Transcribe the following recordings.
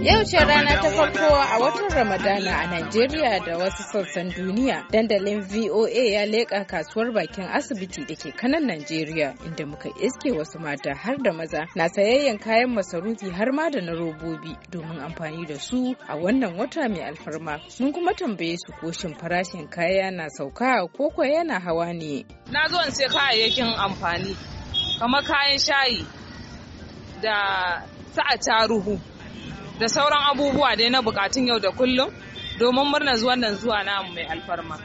Yau ce rana ta farko a watan Ramadana a Najeriya da wasu sassan duniya. Dandalin VOA ya leƙa kasuwar bakin asibiti da ke kanan Najeriya inda muka iske wasu mata har da maza na sayayyan kayan masarufi har ma da na robobi domin amfani da su a wannan wata mai alfarma. Mun kuma tambaye su ko shin farashin kaya na sauka ko ko yana hawa ne. Na zo in sai kayayyakin amfani kamar kayan shayi da sa'a ruhu. da sauran abubuwa dai na bukatun yau da kullum domin murna wannan nan zuwa namu mai alfarma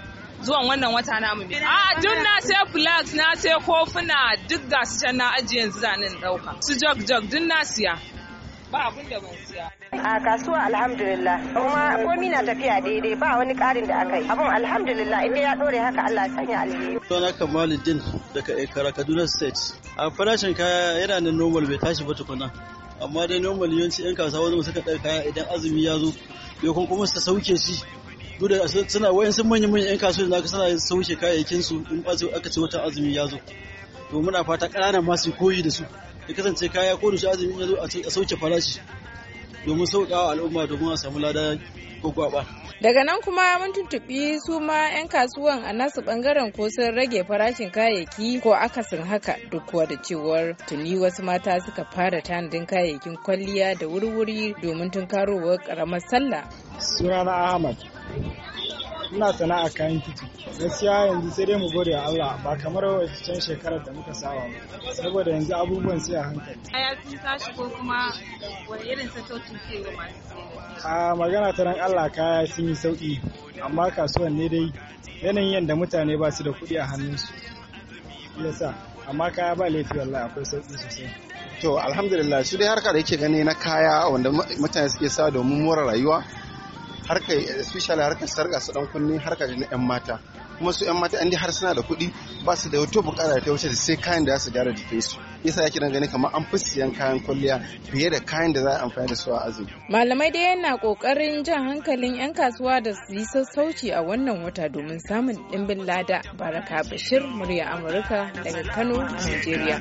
zuwan wannan wata namu mai a ah, duk na sai flags na sai kofuna duk gasu can na ajiye yanzu zanen dauka su jog jog duk na siya ba abin da ban siya. A kasuwa alhamdulillah kuma komi na tafiya daidai ba wani ƙarin da aka yi abin alhamdulillah inda ya ɗore haka Allah sanya alheri. Suna Kamaluddin daga Ekara Kaduna State. A farashin kaya yana nan normal bai tashi ba tukuna. Amma dai normal yawanci 'yan kasuwa wani suka kaɗan kaya idan azumi ya zo. Yau kuma su sauke shi duk da suna wayan sun manyan manyan 'yan kasuwa da suna sauke kayayyakin su in aka ce wata azumi ya zo. To muna fata ƙananan masu koyi da su. ya kasance kaya ko dusha azumi ya zo a sauke farashi domin sauƙawa al'umma domin a samu lada ko kwaba. Daga nan kuma mun tuntuɓi su ma 'yan kasuwan a nasu ɓangaren ko sun rage farashin kayayyaki ko akasin haka duk kuwa da cewar tuni wasu mata suka fara tanadin kayayyakin kwalliya da wurwuri domin tunkarowar ƙaramar sallah. Sunana Ahmad. ina sana'a kayan kici gaskiya yanzu sai dai mu gode wa Allah ba kamar wancan shekarar da muka saba ba saboda yanzu abubuwan sai a hankali ya sun tashi ko kuma wani irin satauci ke yi masu a magana ta ran Allah kaya sun yi sauki amma kasuwan ne dai yanayin yadda mutane ba su da kuɗi a hannunsu yasa amma kaya ba laifi wallahi akwai sauki sosai to alhamdulillah su dai harka da yake gani na kaya wanda mutane suke sa domin more rayuwa harkar special harkar sarga su dan kunni harkar na yan mata kuma su yan mata an har suna da kuɗi ba su da wato bukata ta wuce da sai kayan da za su gyara jikin su yasa yake nan gani kamar an fi siyan kayan kwalliya fiye da kayan da za a amfani da su a azumi malamai dai yana kokarin jan hankalin yan kasuwa da su yi sassauci a wannan wata domin samun dimbin lada baraka bashir murya amurka daga kano a nigeria